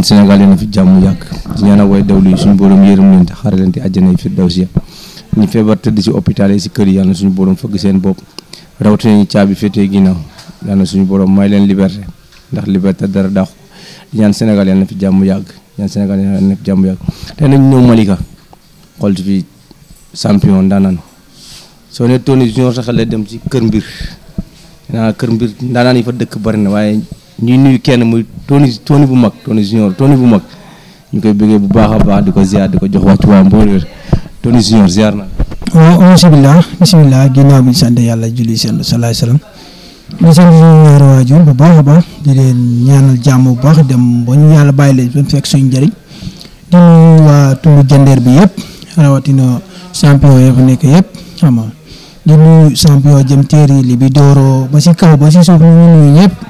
ñaan Sénégal yéen a fi jàmm yàgg di ñaanal way dawlu yi suñu borom yërëm leen te xaare leen te àjjana yi fi daw si ñu feebar tëdd si hôpital yi si suñu borom seen bopp rawatina ñu caabi féetee suñu borom may leen liberté ndax liberté dara dàqu di ñaan Sénégal yàlla na fi jàmm yàgg ñaan Sénégal yàlla na fi jàmm yàgg tey nañ ñëw Malika xool ci fi champion ndaanaan soo ne Tony Junior sa la dem ci kër mbir naa kër mbir ndaanaan yi fa dëkk bari na waaye ñuy nuyu kenn muy Tony Tony bu mag Tony Junior Tony bu mag ñu koy buggee bu baax baax di ko ziar di ko jox wàccu waa Mbour Tony Junior ziar na. waaw bisimilah bisimilah ginnaaw bi ñu sant yàlla julli seen salaay salaam ñu sant suñu ñaari waajur bu baax a baax di leen ñaanal jàmm bu baax dem ba ñu yàlla bàyyi leen ba mu fekk suñu njëriñ di nuyu waa tundu jandeer bi yëpp rawatina champion nekk yëpp xam nga di nuyu champion jëm teer li bi dooroo ba si kaw ba si suuf ñu nuyu ñëpp.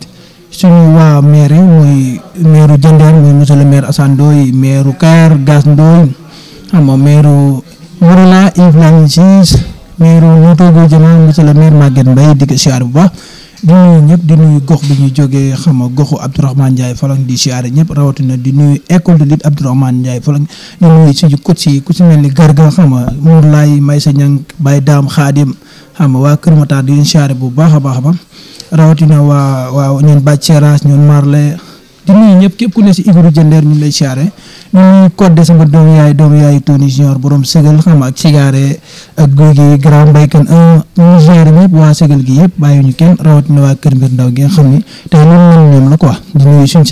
suñu waa maire yi mooy maire Diender mooy monsieur le maire Assane Ndoye maire Kayar Gass Ndoye xam nga maire Morola Yves Landing Ciss maire Notoogo Jama monsieur le maire Maguette Mbaye bu baax di nuyu ñëpp di nuyu gox bi ñu jógee xam goxu Abdourahmane Ndiaye Falang di siyaare ñëpp rawatina di nuyu école de lutte Abdourahmane Ndiaye Falang di nuyu suñu coach yi ku ci mel ni Garga xam nga Mourlaay Maysa Ñang Baye Daam Xaadim xam waa Kër Matar di siyaare bu baax a baax a baax rawatina waa waa ñoom Bac Seras ñoom Marley di nuyu ñëpp képp ku ne si Ibou Jëndeer ñu ngi lay siyaare di nuyu Codé sama doomu yaay doomu yaay Tony Junior ak sigaare ak góor gi grand béykat ah, un gi yëpp bàyyi ñu kenn rawatina waa Kër Mbir Ndaw gi ni tey loolu mel ñoom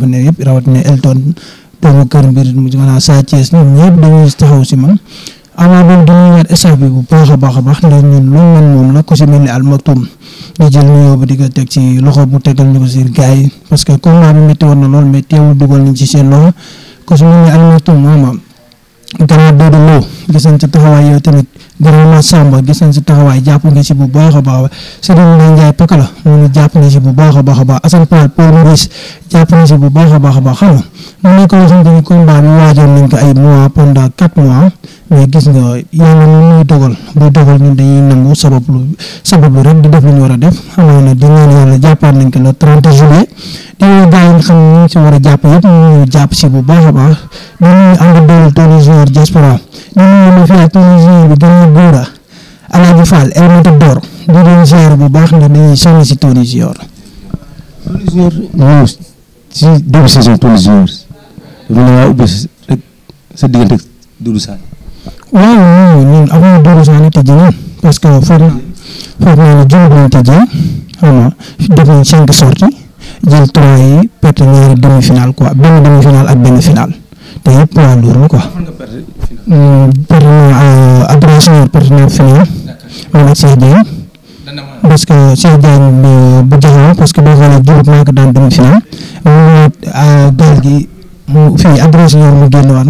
di ne yëpp rawatina Elton doomu Kër mu maanaam Sa Thiès ñoom ñëpp dañuy si man. avant bi bu baax a baax a baax ndax ñun loolu mel moom la ku si mel ni Al ñu jël nuyoo ba di ko teg ci loxo bu tegal ñu ko si gars yi parce que na lool moom gannaaw Dodo Lo gis nañ ci taxawaay yooyu tamit gannaaw ma Samba gis nañ ci taxawaay jàpp nga ci bu baax a baax Serigne Ndeye Ndiaye Pakala moom it jàpp nga ci bu baax a baax a baax Assane Fall Paul Maurice jàpp nga ci bu baax a baax a xam nga mu nekk loo xam ne combat bi nañ ko ay mois pendant quatre mois. mais gis nga yàlla ñun muy dogal buy dogal ñun dañuy nangu sabablu sabablu rek di def lu ñu war a def amaana di ñaan yàlla jàppaat nañ ko le 30 juillet di ñuy gars yi xam ne ñu ngi si war a jàpp yëpp ñu ñu jàpp si bu baax a baax di ñuy ànd dooleel tous les joueurs diaspora ñu ñu ñu fi ak tous les joueurs bi gën a góora Aladji Fall El Matador di leen gérer bu baax ndax dañuy sonn si tous les joueurs. tous les joueurs ñëw si début saison tous les joueurs dafa la waa ubbi rek sa diggante Doudou Sané waaw non ñun avant Doudou Sané tëjee nañ parce que foog naa foog naa ne juróom lañ jël trois hmm, naa euh, Abdoulaye parce que Cheikh euh, parce que boo daan demi final mu euh, gaal gi mu mu génn waat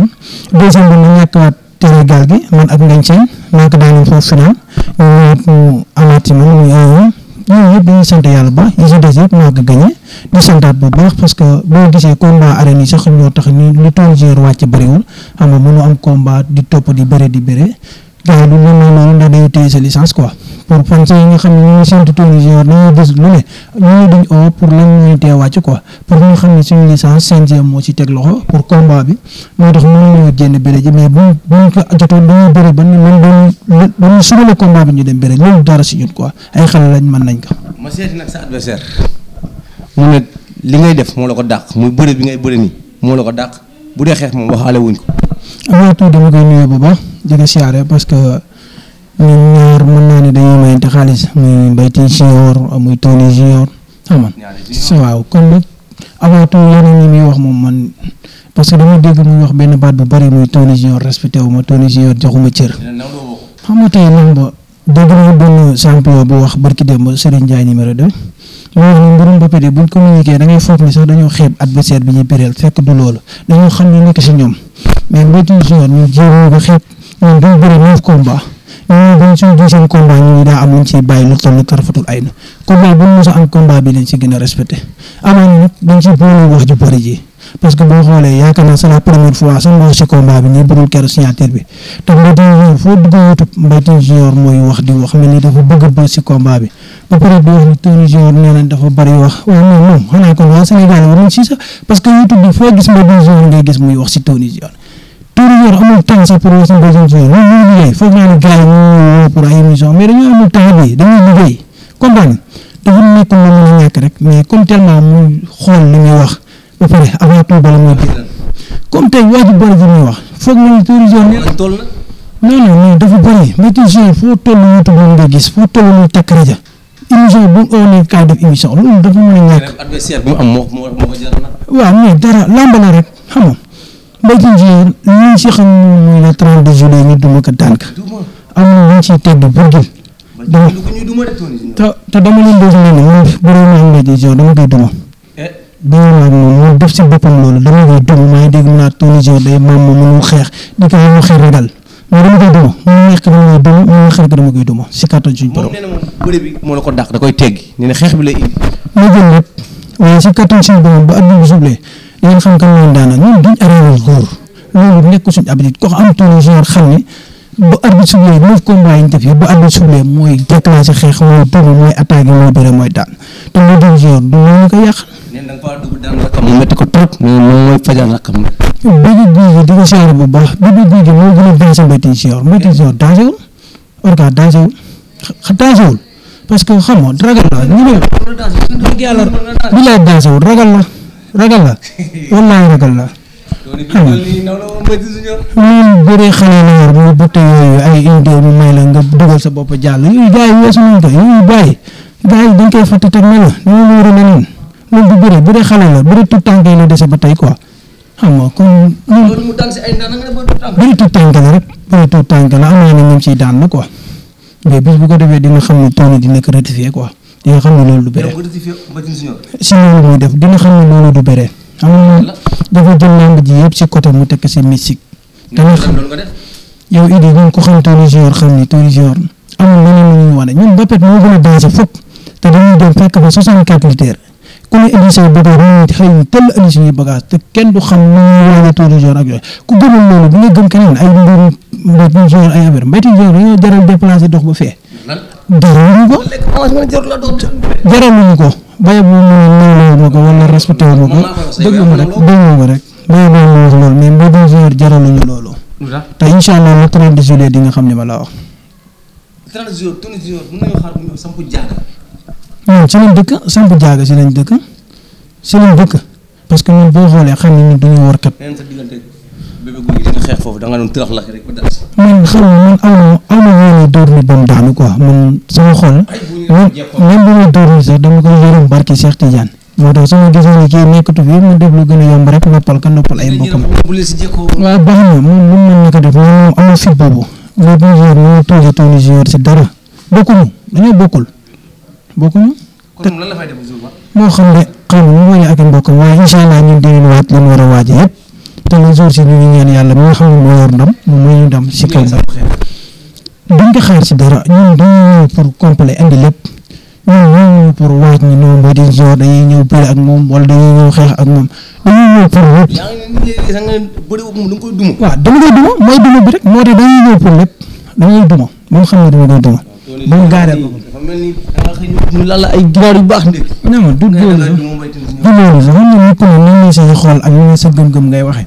deuxième bi mu ñàkk téere gaal gi man ak ngañ seen maa ko daanoon foofu final ñu ñëwaat mu amaat ci man muy ayoon ñooñu yëpp dañuy sant yàlla baax yi si des bu baax parce que boo gisee combat arène yi sax ñoo tax ni li tool géer wàcc bëriwul xam nga mënu am combat di topp di bëre di bëre gars yi du ñu noonu ndax dañuy téye sa licence quoi pour fan yi nga xam ne ñooy séntu tournée dañuy gis lu ne ñooñu duñ oo pour lan ñuy teewàcc quoi pour ñu xam ne suñu licence CNG moo ci teg loxo pour combat bi moo tax mënuñoo génn bëre ji ba ne man doon dañuy sugale combat bi ñu dem bëre loolu si ñun quoi ay ma seeti nag sa adversaire mu ne li ngay def moo la ko dàq muy bëre bi ngay bëre nii moo la ko dàq bu dee xeex moom waxaale wuñ ko. am na tuuti dama koy nuyoo bu baax di ko parce que. ñun ñaar mën naa ne dañuy mayante xaalis muy Mbaye Junior muy Tony Junior xam nga waaw kon nag avant wax moom man parce que dama dégg wax benn baat bu bari muy Tony Junior respecté wu ma Tony Junior joxuma cër xam nga tey lamba dégg naa benn champion bu wax barki démb Serigne Ndiaye numéro 2 moo wax ne mbirum boppé de buñ da ngay foog ni sax dañoo xeeb adversaire bi ñuy bëreel fekk du loolu dañoo xam ne nekk si ñoom mais Mbaye Junior ñu jéem ba xeeb ñoom duñ bëri neuf combat ñun buñ ci du seen combat ñu daa am luñ ciy a respecté amaan wax ju bëri ji parce dafa bëgg a bëgg bi ba pare di wax ni Tine Junior nee dafa bëri wax waaye moom moom xanaa kon waa Sénégal war nañ sax parce que foo gis Mbaye Tine Junior ngay gis muy wax ci Tine Junior tour yor amul temps sax pour suñu besoin suñu ñun ñu ngi liggéey foog naa ne gars yi ñu pour ay émission mais dañoo amul temps bi dañuy liggéey comprendre dafa nekk lu mën a ñàkk rek mais comme tellement mu xool li muy wax ba pare avant tout bala muy dégg comme tey waa ji bëri ji muy wax foog na ne tour yor nee na toll na non non non dafa bëri météo foo toll YouTube moom nga gis foo toll muy takk rajo émission bu mu oonee kaay def émission loolu dafa mën a ñàkk. adversaire bu mu am moo moo ko jaral waaw mais dara làmb la rek xam nga mbéy ci njiir liñ ci xam moom mooy le 32 juillet ñu duma ko tànk amul luñ ciy tedd burgil dama te te dama leen doon am décision dama koy duma beneen eh? maag moom def si boppam loolu dama koy duma maa ngi dama koy duma mu neex dama koy duma si kàttan da koy teggi nee na xeex si kàttan ba at bi bu ngeen xam kan mooy daana ñun duñ arrêté góor loolu nekk suñu habitude ko am tuuti xam ne bu arbitre bu arbitre sublee mooy déclenché xeex mooy dóor mooy attaqué mooy bëre mooy daan du ko yàq. nee na nga faa moom mooy fajal a dansé si yoon mbéyte si yoon dansé wul orga dansé wul xa dansé wul parce ragal la ñu ne. ragal ragal la. ragal la wallaay ragal la. xam nga moom bëree xale la yor mu bëtt yooyu ay indi mu may la nga dugal sa bopp jàll yooyu gars yi weesu nañ ko yooyu bàyyi gars yi dañ koy fàtte teg na la dañoo war a bu bëree bëree xale la bëree tout tànk yi la dese ba tey quoi xam nga kon. loolu mu daan tànk. bëree tout tànk la rek bëree tout tànk la am na ñoom ciy daan la quoi mais bis bu ko defee dina xam ne Tony dina ko rectifier quoi. dina xam ne loolu du béré si loolu muy def dina xam ne loolu du béré xam nga moom dafa jël lamb ji yëpp si côté mu te nga xam yow idi ñun ba pet moo gën a danger fukk te dañuy dem fekk ba 64 litres ku ne indi say bagages ñu ngi xëy ñu tëll indi suñuy bagages te kenn du xam nu ñuy wane Tony Junior ak yooyu ku gëmul loolu bu nga gëm keneen ay mbirum mbirum ay affaire mbéyte Junior dañoo jaral déplacé dox ba fee jaraluñu ko. jaraluñu ko béykat bi mu ne ko wala respecté wu ma ko déglu ma rek déglu ma rek béykat bi mu wax te incha allah le 30 juillet di nga xam ne ma la wax. 30 juillet si lañ dëkk sampu jaaga si nañ dëkk si lañ dëkk parce que ñun boo xoolee xam ne ñun du ñu war kat. man xam nga man koy dóor ni ba mu daanu quoi man sama xol même même bu may dóor ni sax dama koy yërëm barki Cheikh Tidiane moo tax su ma gisee ne kii nekkatu fi mu def lu gën a yomb rek noppal ka noppal ay mbokkam waaw moo xam ne xam ne mu war a waaj yëpp te le jour si ñu ñaan yàlla mi xam ne moo yor ndam moom moo ndam si kaw duñ ko xaar si dara ñun dañoo ñëw pour complet indi lépp ñun ñoo ñëw pour waaj ñu ñëw ak moom da nga koy duma. waaw dama koy duma duma bi moo tax dañuy ñëw duma moom xam nga dama koy duma. moom gaaree ko. ñu la ay ginnaaw yu baax ndékki. nee ma du loolu du loolu nga nit lay sa xool ak ñu ne sa gëm-gëm ngay waxee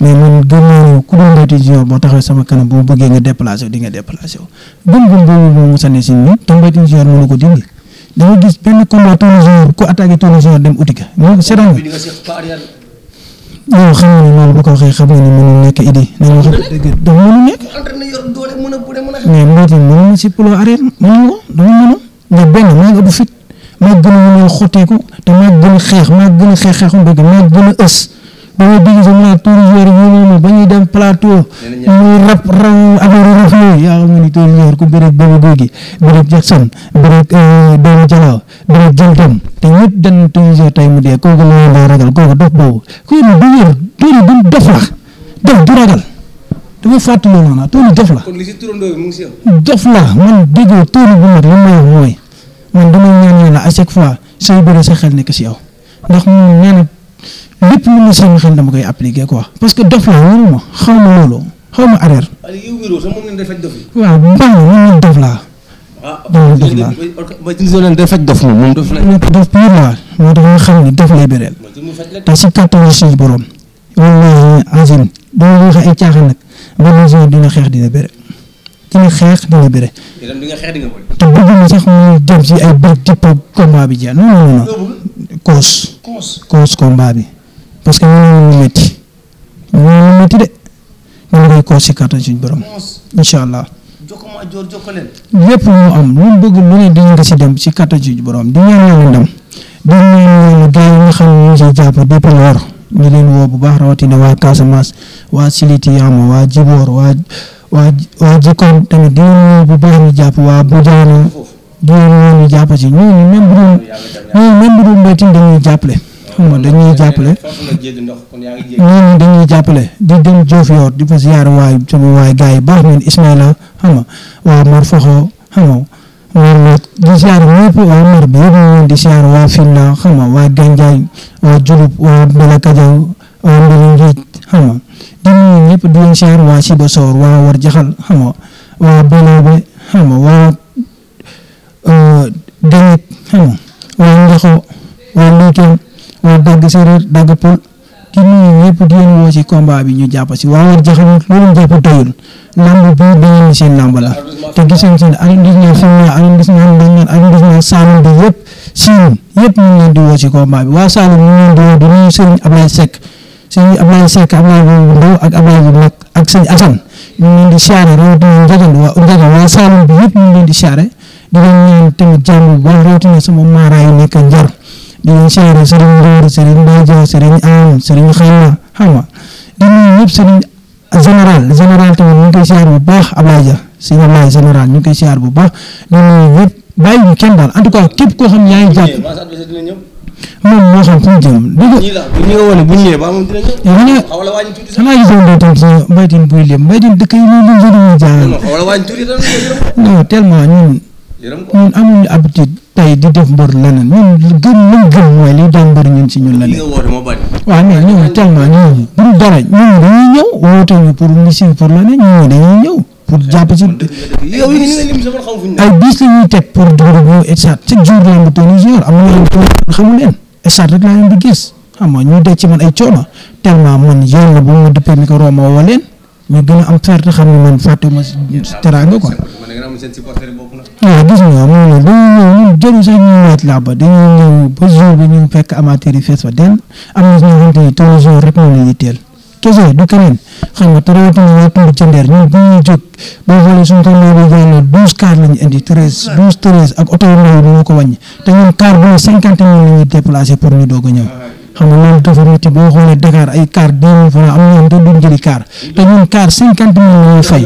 mais man gëm naa ne ku dul Ndeye Tidiane boo taxawee sama kanam boo bëggee nga déplacé wu di nga déplacé wu gëm-gëm boobu moom mos a ne si ñun te Ndeye Tidiane mënu ko dindi dama gis benn combat Tony Junior ku attaqué Tony Junior dem uti ka moom seetaan nga. non xam nga ne loolu bu ko waxee xam nga ne mënul nekk idée nañ wax dëgg dafa mënul nekk. mais Mbodj mënul si pulo arène mënul ko dama mënul nga benn maa ngi ëpp fit maa gën a mën a xotteeku te maa gën a xeex maa gën a xeex xeexu mbëgg maa gën a ës ba ñuy dégg sa mën a tuuri joueur yi ñu ba ñuy dem plateau muy rap ram affaire raf yooyu yaa xam nga ni tuuri joueur ku bëreeg Baba Guy gi bëreeg Jackson bëreeg euh, Doomu Jalaaw bëreeg Jëltam te ñëpp dañ tuuri joueur tey mu dee kooku la day ragal kooku dof boobu kooku du wér tuuri du dof la dof du ragal dafa fàttali loolu naa tuuri dof la dof la man déggoo tuuri bu mag li may wax mooy man damay ñaan yàlla à chaque fois say bëre sa xel nekk si yow ndax moom nee na lépp lu ma seen xam dama parce que dof la wóoru ma xaw ma loolu laa. moo tax nga xam ne dof lay bëreel. te si kàttan suñu borom. wala agim dama wax ay caaxaan nag ba léegi dina xeex dina bëre. xeex dina bëre. te bëgg na mu dem si ay bërëb combat bi jeex non non non. koos. koos combat bi. parce que mënoon lu métti mënoon de ñu ngi koy si kattan suñu borom incha allah lépp lu mu am lu bëgg lu ne dinañ ko si dem si kattan suñu borom di ñaan yàlla ndam di ñaan yàlla gars yi nga xam ne ñu ngi jàpp depuis lor ñu leen woo bu baax rawatina waa Casamance waa Siliti Yaama waa Jiboor waa waa waa tamit di leen woo bu ñu jàpp waa ñu jàpp si ñooñu même bu doon ñooñu même bu doon métti xam nga dañuy jàppale ñooñu dañuy di dem Diofior di fa ziar waay sama waay gars baax ñun Ismaïla xam waa Mor Foxo xam di ziar waa Mor bi yëpp ñu di ziar waa Finla xam waa Gandiaye waa Julub waa Mbela waa Mbela Ngiij di nuyu ñëpp di leen waa Sibassor waa War Jaxal waa Beloobe xam waa Gañit euh, xam waa Njaxo waa Luuteen wala dagg séeréer dagg pël di nuyu ñëpp di leen woo ci combat bi ñu jàpp si waaw jaxamut loolu jàpp doyul lamb bi dañu seen lamb la te waa Saloum ñu ngi leen di woo di nuyu Serigne Ablaye Seck Serigne Ablaye Seck Ablaye bu ndaw ak Ablaye bu mag siyaare rawatina Ndiagane waa Ndiagane bi yëpp ñu ngi leen siyaare di leen ñaan tamit jàmm bu baax rawatina sama maaraay yu di leen siyaare Serigne Ndiour Serigne Mbaye Dia Serigne Am Serigne Xalla xam nga di nuyu ñëpp Serigne général général tamit ñu ngi koy siyaar bu baax Ablaye Dia Serigne Ablaye général ñu ngi koy siyaar bu baax di nuyu ñëpp bàyyi ñu kenn daal en tout cas képp koo xam yaa ngi jàpp moom moo xam fu mu jëm dégg nga. bu ñu la wane bu ñu ñëwee ba moom dina ñëw. yow nga xanaa gisoon doo tam sa mbaytin buy lim mbaytin dëkk yi moom lañ jëriñoo jaay. non tellement ñun. ñun amuñu habitude tey di def mbër leneen ñun lu gën lu gën mooy liy doon mbër ñun si ñun la nekk. waaw mais ñooñu tellement ñooñu pour dara ñun dañuy ñëw woote ñu pour mission pour leneen ñooñu dañuy ñëw pour jàpp ci. ay bis la ñuy teg pour dugub ñëw état chaque jour lamb Tony Junior am na ñoo xamu leen état rek laa leen di gis xam nga ñu dee ci man ay coono tellement man yoon la bu ma dëppee micro ma woo leen. ñu gën a am ferte xam ne man fàtte ma teraanga quoi. waaw gis nga moom la dañuy ñëw ñun jëriñ ñu ñëwaat laa ba dañuy ba jour bi ñu fekk amateur yi fees fa den am na ñoo xamante ni teel. kese du keneen xam nga te rawatina waa Tumb Jandeer ñun bu ñuy jóg boo xoolee suñu tool yi ñu jëloon ñu indi ñu cinquante mille la ñuy déplacé pour ñu doog a xam nga loolu dafa métti boo xoolee Dakar ay car deux mille francs am ñoom te duñ jëli car te ñun car cinquante mille la ñuy fay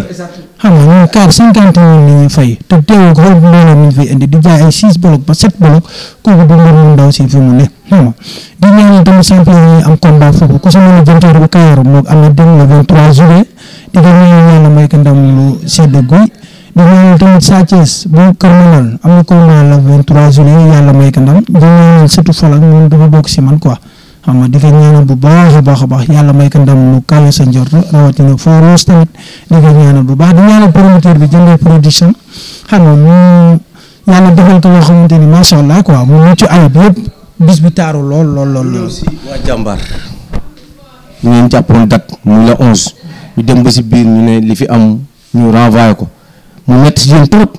xam nga ñun car cinquante mille la ñuy fay te teewul xool mbooloo mi ñu fay indi di jaay ay six bloc ba sept bloc kooku du mbir mu ndaw si fi mu ne xam nga di ñaanal tamit champion yi am combat foofu ku si mën a jënteeru bu Kayaar moom am na dem le vingt trois juillet di ko ñaanal yàlla may ko ndam lu sedd guy di ñaanal tamit Sa Thiès bu Kër Manal am na combat le vingt trois juillet yàlla may ko ndam di ñaanal surtout Falak moom dafa bokk si man quoi xam nga di ko ñaanal bu baax a baax a baax yàlla may ko ndam lu kawe sa njort rawatina Farouz tamit di ko ñaanal bu baax di ñaanal promoteur bi jëndee production xam nga mu yàlla defal ko loo xamante ni macha allah quoi mu mucc ayib yëpp bis bi taaru lool lool lool. lool aussi waa jàmbaar. ñu ngi jàppoon date mu la onze ñu dem ba si biir ñu ne li fi am ñu renvoyé ko mu métti si yéen trop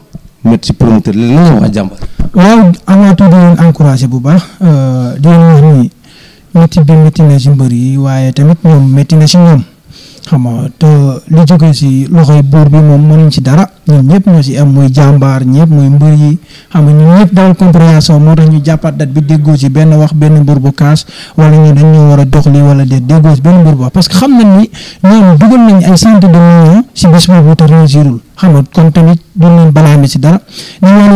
métti si promoteur la lan la waa jàmbaar. waaw amaatu di leen encouragé bu baax euh, di leen wax métti bi métti na ci mbër yi waaye ta ñoom métti na ci ñoom xam nga te li jógee ci loxoy buur bi moom mënuñ si dara. ñun ñëpp ñoo si am muy jàmbaar ñëpp muy mbër yi xam nga ñun ñëpp daal compréhension moo tax ñu jàppaat dat bi déggoo si benn wax benn mbër bu kaas wala ñu dañ ñoo war a doxali wala déet déggoo si benn mbër parce que xam nañ ni ñoom dugal nañ ay centaine nga kon tamit duñ si dara ñu ñaan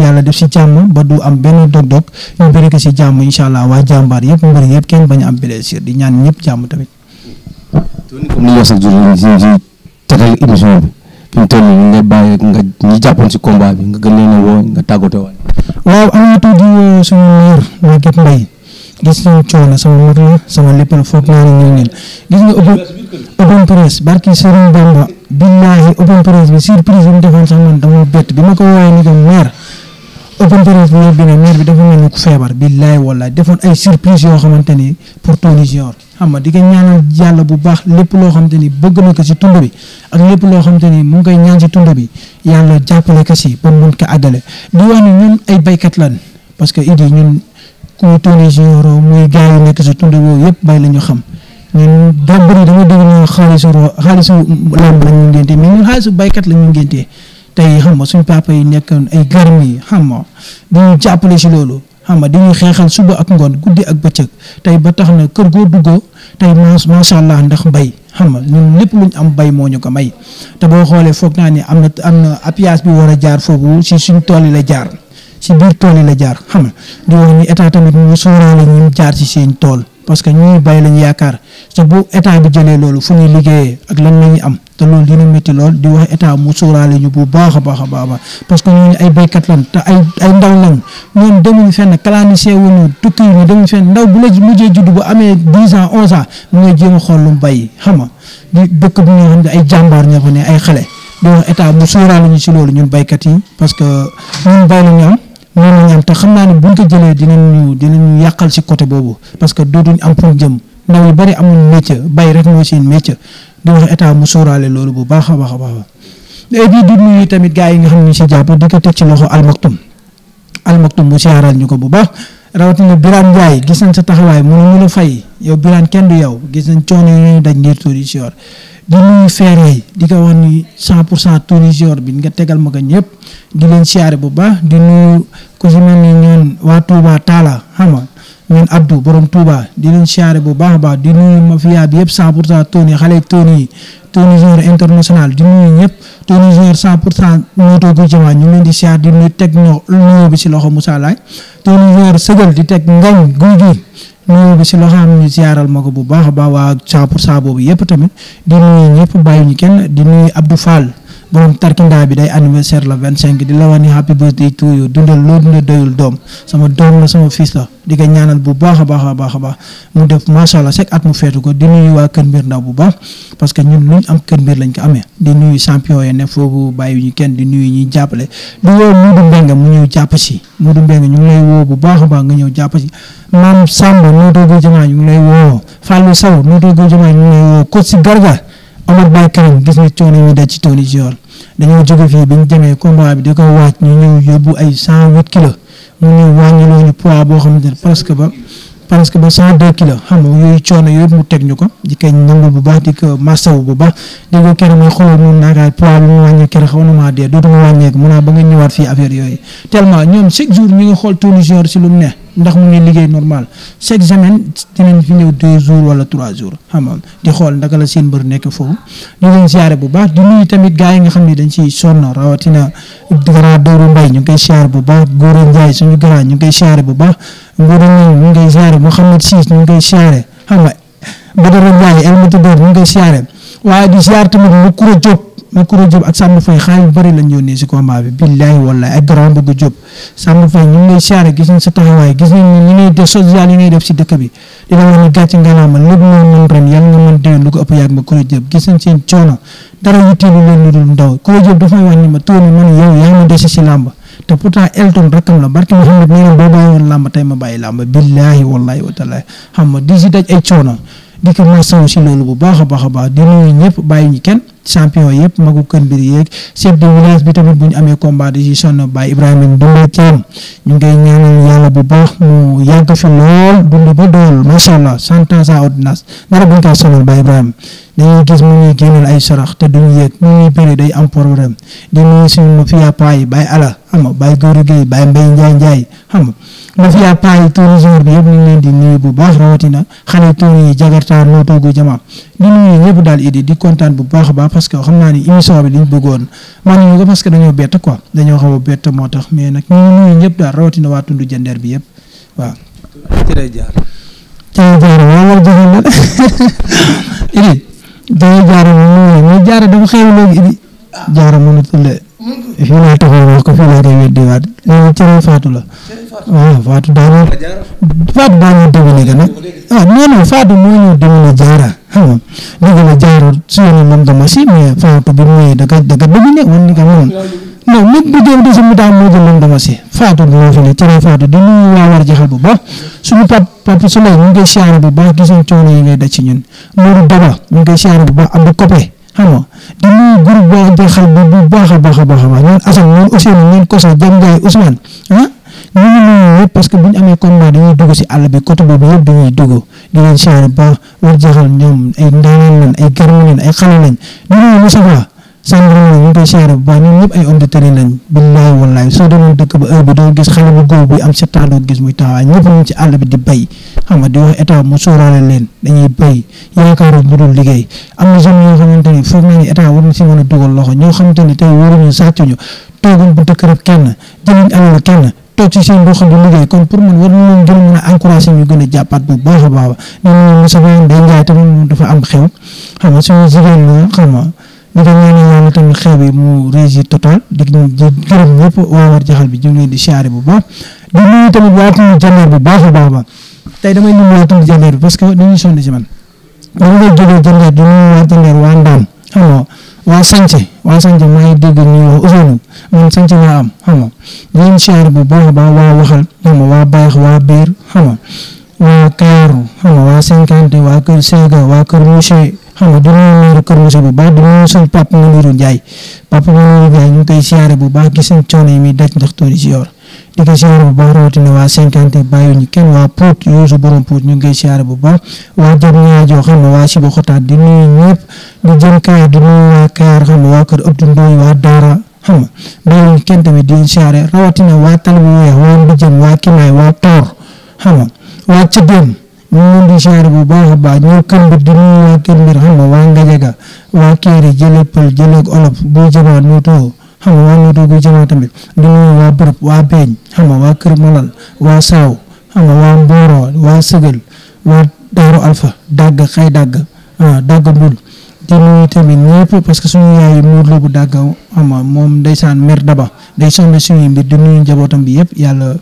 yàlla def si jàmm ba du am benn dog-dog ñu bëri ko si jàmm incha allah waa jàmbaar yëpp mbër yëpp kenn bañ am blessure di ñaan ñëpp jàmm tamit. tegal émission bi fi mu toll nii nga bàyyi nga si combat bi nga gën leen a woo nga tàggatoo waay. waaw am na tuuti euh, suñu maire mooy Guèye Mbaye gis nañu coono sama mor la sama lépp la foog naa ne ñoo ñëw gis nga open open barki Serigne Bamba billaahi open presse bi surprise bi mu defoon sax man dama bett bi ma ko woowee ni que maire. open presse bi bi ne maire bi dafa mel ni ku feebar billaay wallaay defoon ay surprise yoo xamante ni pour Tony Junior xam nga di ko ñaanal yàlla bu baax lépp loo xamante ni bëgg na ko si tund bi ak lépp loo xamante ni mu ngi koy ñaan si tund bi yàlla jàppale ko si ba mun ko àggale di wax ni ñun ay baykat lan parce que idi ñun ku Tony Junior muy gars yi nekk si tund boobu yëpp bay la ñu xam ñun daa bëri dama dégg ñu xaalisu xaalisu lamb la ñu ngéntee mais ñun xaalisu baykat la ñu ngéntee tey xam nga suñu papa yi nekk ay gërëm yi xam nga di ñu jàppale si loolu xam nga di ñu xeexal suba ak ngoon guddi ak bëccëg tey ba tax na kër goo duggoo tey macha allah ndax mbay xam nga ñun lépp luñ am bay moo ñu ko may te boo xoolee foog naa ni am na am na appuyage bi war a jaar foofu si suñ tool yi la jaar si biir tool yi la jaar xam nga di wax tamit ñu sóoraale ñu jaar si seen tool parce que ñuy bay lañ yaakaar te bu état bi jëlee loolu fu ñuy liggéeyee ak lan la ñu am. te loolu dina métti lool di wax état mu sóoraale ñu bu baax a baax a baax parce que ñooñu ay béykat lañ te ay ay ndaw lañ ñoom demuñu fenn clandestin wuñu tukki ñu demuñu fenn ndaw bu la mujjee judd bu a ñu si yi parce que ñun bay la ñu am moom ñu am te xam naa ne bu ko jëlee dinañu dinañu yàqal si côté boobu parce que dootuñ am pour jëm ndaw yu bëri amul métier bay rek moo seen métier di wax état mu sóoraale loolu bu baax a baax a baax et puis di nuyu tamit gars yi nga xam ne ñu si jàpp di ko teg ci loxo almaktum almaktum mu siyaaral ñu ko bu baax rawatina Birane Ndiaye gis nañ sa taxawaay mënu mën a fay yow Birane kenn du yow gis nañ coono yu ñu daj ngir Tourist Yoor di nuyu feere yi di ko wax ni cent pour cent Tourist Yoor bi nga tegal ma ko ñëpp di leen siyaare bu baax di nuyu ku si mel ni ñoon waa Touba Talla xam ñun Abdou borom Touba di leen siyaare bu baax a baax di nuyu mafia bi yëpp 100 pour cent Tony xale Tony Tony Junior international di nuyu ñëpp Tony Junior pour cent moto gu jamaa leen di siyaar di nuyu si loxo Moussa Laay Tony Junior sëgal di teg ngañ guy gi nuyoo si loxo am ñu siyaaral ma ko bu baax a baax waa 100 pour cent boobu yëpp tamit di nuyu ñëpp bàyyi ñu kenn di nuyu Abdou Fall. borom tarkindaa bi day anniversaire la vingt cinq di la wax ni happy birthday to you dundal loo dundal doyul doom sama doom la sama fils la di bu baax baax baax a baax mu def at mu ko di nuyu waa Kër Mbir ndaw bu baax parce que ñu luñ am Kër Mbir lañ ko amee di nuyu champion yi ne foofu bàyyi ñu kenn di nuyu ñu jàppale di woo Modou Mbengue mu ñëw jàpp si Modou Mbengue ñu ngi lay woo bu baax a baax nga ñëw jàpp si maam Samba Nodou Goudiama ñu ngi lay woo Fallou Sow Garga Amat Baye Karim gis nga coono yi daj ci tool yi Dior dañoo fii bi ñu demee combat bi di ko ñu ñëw yóbbu ay cent huit kilos mu ñëw wàññiloo ñu poids boo xamante ne presque ba ba cent deux kilos xam nga yooyu coono yooyu mu teg ñu ko bu baax di ko masawu mu wàññee keroog xaw na maa dee dootuma wàññeeku mu naa ba nga ñëwaat fii affaire yooyu tellement ñoom chaque jour ñu ngi xool toolu si lu mu ne. ndax mu ngi liggéey normal chaque semaine dinañ deux jours wala trois jours xam di xool naka la seen nekk foofu ñu leen siyaare bu baax di nuyu tamit yi nga xam ne dañ siy sonn rawatina grand Dóoru Mbay ñu ngi koy bu baax Góora Njaay suñu grand ñu ngi koy siyaare bu baax Ngóora Njaay ñu ngi koy siyaare Mouhamed Siis ñu ngi koy siyaare xam nga Badara Njaay El Matador ñu ngi waaye di siyaare tamit lu kura micro Diop ak Samba Faye xaalis bu bëri lañ yónnee si combat bi billaahi wallaahi ak grand bëgg Diop gis nañ sa taxawaay gis nañ ni ngay def social yi ngay def si dëkk bi dina wax ni gàcce ngalaama lépp loo mën ren yàlla nga mën déwén lu ko ëpp yàgg micro Diop ma tóoni man yow si làmb te pourtant Elton rakkam la na boo bàyyi woon làmb tey bàyyi làmb billaahi wallaahi wa taala xam nga di si daj ay coono di ko masawu si loolu bu baax a baax a baax di nuyu ñëpp bàyyi ñu kenn champion yëpp magu kën mbir yeeg chef de village bi tamit bu ñu amee combat di si sonn Baye Ibrahima Ndoumbé Thiam ñu ngay ñaanal yàlla ba dool macha allah cent ans sans ordonnance dara bu ñu kaa sonal Baye Ibrahima dañuy ay sarax te duñu yéeg mu ñuy bëri day am problème di nuyu suñu ma fiya paa yi Ala xam nga Baye Góor Guèye Baye Mbaye Ndiaye ba fi yaa payi touri jour bi yëpp ñu ngi leen di nuyu bu baax rawatina xale touri yi jagartaar loo daal idi di kontaan bu baax a baax que xam naa ni émission bi liñ bëggoon man ñu ko parce que dañoo bett moo tax mais nag ñu ngi nuyu ñëpp daal rawatina waa tundu jëndeer bi yëpp waaw cërë jaar dafa xew léegi idi ah. jaara mënut la fii laa taxaw wax ko fii laa koy weddi waat loolu cërë faatu la waaw ah, Fatou daañu Fatou daañu dimbali que nag ah non non Fatou moo ñu jaara xam nga léegi jaara su ñu mën dama si mais Fatou bi mooy da ka da ka dimbali woon ni ka mënoon non nit bu dee si mu ci ñun Mourou Daba ñu ngi koy siyaare bu baax Abdou Kopé xam nga di nuyu groupe waa jaxal bu baax a baax a baax a baax ñun Assane ñun Ousseynou ñun Kosa Jam Ndiaye Ousmane ah. ñu ngi nuyu ñëpp parce que bu ñu amee combat dañuy dugg si àll bi côté boobu yëpp dañuy dugg ba war jaxal ñoom ay ndaanaan lañ ay garmi lañ ay xale lañ ñu ngi Moussa Ba sànqal bu baax ñoom ñëpp dëkk ba heure bi am sept gis muy taxawaay ñëpp ci àll bi di bay xam nga di wax état mu sóoraale leen dañuy bay yaakaaroon ñu dul liggéey am na zone yoo xamante ni foog naa ni état war na si mën a dugal loxo ñoo xamante ni tey waruñu sàccuñu tooguñ buntu kërab kenn jëliñ alalu kenn toog ci seen doxal di liggéey kon pour man war nañu gën a mën a encouragé ñu gën a jàppaat a baax ne moom Moussa Gueye Ndeye tamit dafa am xew xam nga suñu jigéen ñi xam nga tamit xew bi mu réussir total di gërëm ñëpp waa war jaxal bi ñu ngi leen di tamit waa tamit jandeer bu baax a baax tey damay nuyu di nuyu waa jandeer waa Ndam xam waa sànce waa sànce maa ngi dégg ñu wax Ousseynou man sànce laa am xam nga ñun siyaar bu baax a baax waa waxal xam waa baax waa biir xam waa Kaar xam nga waa cinquante waa Kër Sega waa Kër Mouché xam nga du nuyu meeru bu baax du nuyu suñ Pape Mourou Ndiaye Pape Mourou Ndiaye ñu ngi koy siyaare bu baax gis nañ coono yi muy daj ndax tuuti si yor. di ko bu baax rawatina waa cinquante bàyyi ñu kenn waa Pout yoosu borom Pout ñu ngi bu baax waa jam ñaa xam ne waa Sibu Xotaat di nuyu ñëpp di jëm waa Kayaar xam ne waa kër Abdou waa Daara xam nga waa a baax ñëw Ngajaga waa Kéeri jëlee pël jëlee olof bu jëmaa ñu xam nga waa Noddogu Jamaa tamit di nuyu waa Bërëb waa waa Kër Malal waa Saaw xam nga waa Mbooro waa Sëgal waa Daaru Alpha dàgg xay dàgg ah dàgg Mbul di nuyu mer daba day soxla suñuy mbir di nuyu njabootam bi yëpp yàlla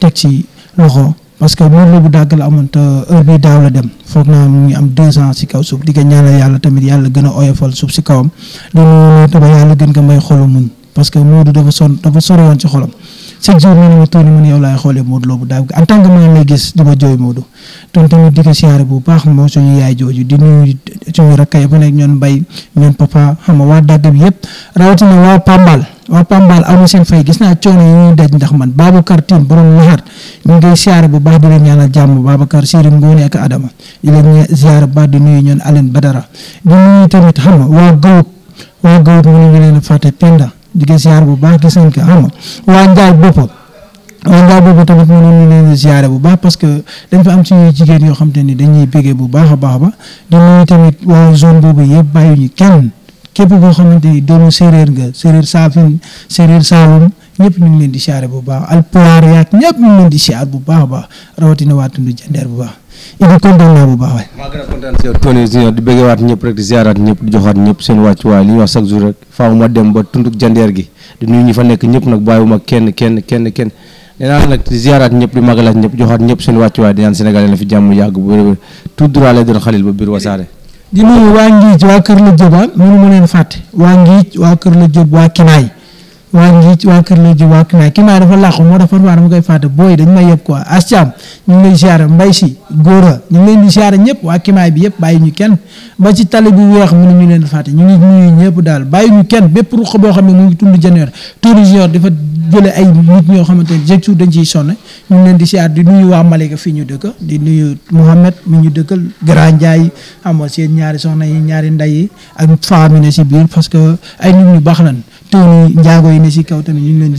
teg ci loxo parce que muur la bu dàgg la amoon te heure bi daaw la dem foog naa mu ngi am deux ans si kaw suuf di ko yàlla tamit yàlla gën a oyofal suuf si kawam di nuyu ba yàlla gën ko may xolu muñ parce que Modou dafa son dafa sori woon ci xolam chaque jour nee yow laay xoolee Modou Lo bu daaw en tant que man gis di ma jooy Modou ton tamit di ko bu baax moo suñu yaay jooju di nuyu suñu rakk ba nekk ñoon mbay ñoon gis naa ndax man Babacar Tine borom bu baax di leen ñaanal jàmm Babacar Siri Ngoone Adama di leen bu baax di nuyu ñoon Aline Badara di nuyu tamit xam waa Gawut waa Gawut mënuñu leen a fàtte Penda di ko bu baax gis nañ ko xam nga waa Njaay boppam waa Njaay boppam tamit ñu ngi leen di siyaare bu baax parce que dañ am suñuy jigéen yoo xam te ni dañuy bégee bu baax a baax ba di nuyu tamit waa zone boobu yëpp bàyyi ñu kenn képp koo xam ni doomu séeréer nga séeréer saafin séeréer saalum ñëpp ñu ngi leen di siyaare bu baax alpulaar yaak ñëpp ñu siyaar bu baax abax baax rawatina waa tund jandeer bu baax. idi kontaan naa bu baax waay. maa gën a kontaan si yow Tony Junior di bëggewaat ñëpp rek di joxaat ñëpp seen wàccuwaay li ñuy wax chaque jour rek faaw ma dem ba tunduk jandeer gi di nuyu ñi fa nekk ñëpp nag bàyyiwuma kenn kenn kenn kenn nee naa nag di ziaraat ñëpp di magalaat ñëpp joxaat ñëpp seen wàccuwaay di ñaan Sénégal na fi jàmm yàgg bu wér tout droit lay doon xalil ba biir wasaare di nuyu waa waa Kër la ah, waa Kër la Jóob waa Kinaay waa ngi waa kër la ji waa kinaay kinaay dafa làqu moo tax parfois dama koy booy dañ may yëpp quoi ascaam ñu ngi lay siyaare mbay si góora ñu ngi leen di siyaare ñëpp waa kinaay bi yëpp bàyyi ñu kenn ba ci tali bu weex mu ne ñu leen fàtte nuyu ñëpp kenn bépp ruq boo xam ne mu ngi tund janeer ñoo xamante ne jeg dañ ciy sonne ñu ngi leen di siyaar di nuyu waa Malika fii ñu dëkk di nuyu Mouhamed mi ñu dëkkal Grand Ndiaye xam nga seen ñaari soxna yi ñaari nday yi ak famille ne si biir parce que ay nit ñu baax lan toni njaago yi ne si kaw tamit ñu ngi leen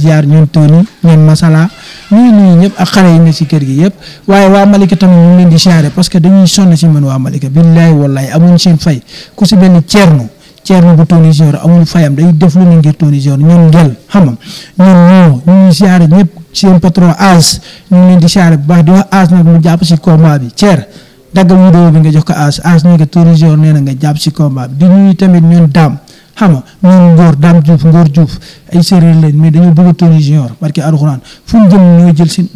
di ziare parce que dañuy sonn si man waa Malika billahi wallahi amuñ seen fay ku si benn Thierno Thierno bu Tony Junior amul fayam day def lu ne ngir Tony Junior ñoom leen di nga jox si combat bi di ñuy tamit ñun daam xam nga ñoom Ngor Dame Diouf Ngor Diouf ay séeréer lañ mais dañoo bëgg a Tony Junior barke alxuraan fu mu jëm ñoo jël seen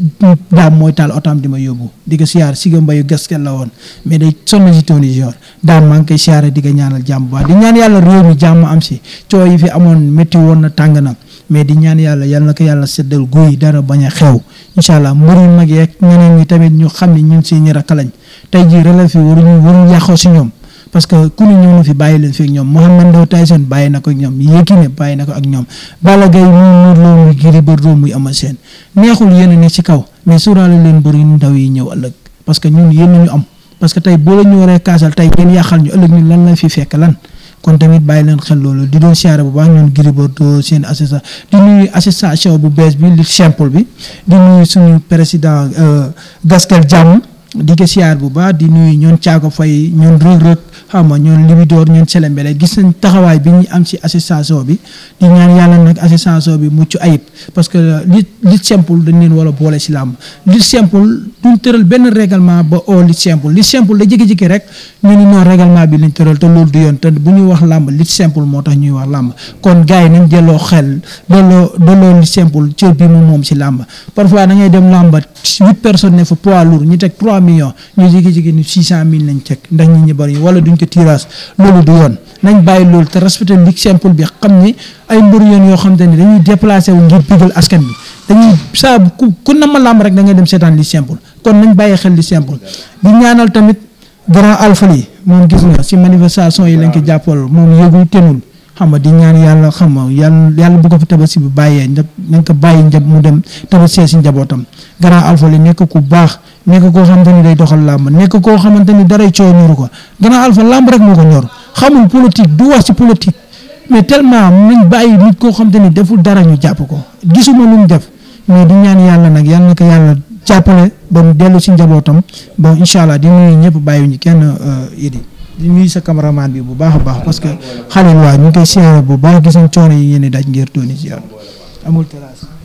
daam mooy taal otaam di ma yóbbu di ko siyaar si ga gas gaskel la woon mais day sonn si Tony Junior maa ngi koy siyaare di ko ñaanal jàmm bu baax di ñaan yàlla réew mi jàmm am si coow yi fi amoon métti woon na tàng nag mais di ñaan yàlla yal na ko yàlla seddal góoy dara bañ a xew incha allah mbir yu mag yeeg ñeneen ñi tamit ñu xam ne ñun seen ñi rakk lañ tey jii relève yi waruñu ñoom parce que ku ne ñëw na fi bàyyi leen fi ak ñoom Mohamed Ndao Tyson bàyyi na ko ak ñoom Yékini bàyyi na ko ak ñoom Balla Gaye muy Modou Lo muy muy Ama Sène neexul yéen a ne ci kaw mais sóoraale bëri ndaw yi ñëw ëllëg parce que ñun yéen ñu am parce que tey boo la ñu kaasal tey ngeen yàqal ñu ëllëg ñun lan la fi fekk lan kon tamit bàyyi leen xel loolu di doon siyaare bu baax ñun Gris seen assistant di nuyu association bu euh, bu baax xam nga ñoon libidoor ñoon selembele gis nañ taxawaay bi ñu am ci association bi di ñaan yàlla nag association bi mucc ayib parce que li li simple a boole ci làmb da jékki-jékki rek bi lañ tëral te loolu du yoon te bu ñuy wax làmb li simple moo tax ñuy wax làmb kon gars yi nañ xel delloo delloo li cër bi mu moom ci làmb parfois da dem làmba huit personnes ne fa poids ñu teg trois millions ñu jékki-jékki ni six cent mille lañ teg ndax ñi ñu bëri wala dem ci loolu du yoon nañ bàyyi loolu te respecté ligue simple bi xam ni ay mbër yoon yoo xam te ni dañuy déplacé wu ngir bégal askan bi dañuy saa ku ku na ma làmb rek da ngay dem seetaan ligue simple kon nañ bàyyi xel ligue simple di ñaanal tamit grand alpha yi moom gis nga si manifestation yi lañ ko jàppal moom yëgul tenul xam nga di ñaan yàlla xam nga yàlla yàlla bu ko fi tabaski bi bàyyee ñëpp nañ ko bàyyi njab mu dem tabaski si njabootam grand Alpha Ly nekk ku baax nekk koo xamante ni day doxal làmb nekk koo xamante ni daray coow ñoru ko grand Alpha làmb rek moo ko ñor xamul politique du wax ci politique mais tellement nañ bàyyi nit koo xamante ni deful dara ñu jàpp ko gisuma lu mu def mais di ñaan yàlla nag yàlla na ko yàlla jàppale ba mu dellu si njabootam ba incha di di nuyu ñëpp bàyyiwuñu kenn idi euh, di nuyu sa cameraman bi bu baax a baax parce que xalil waa ñu ngi koy siyaare bu baax gis nañ coono yi ngeen di daj ngir dooni ci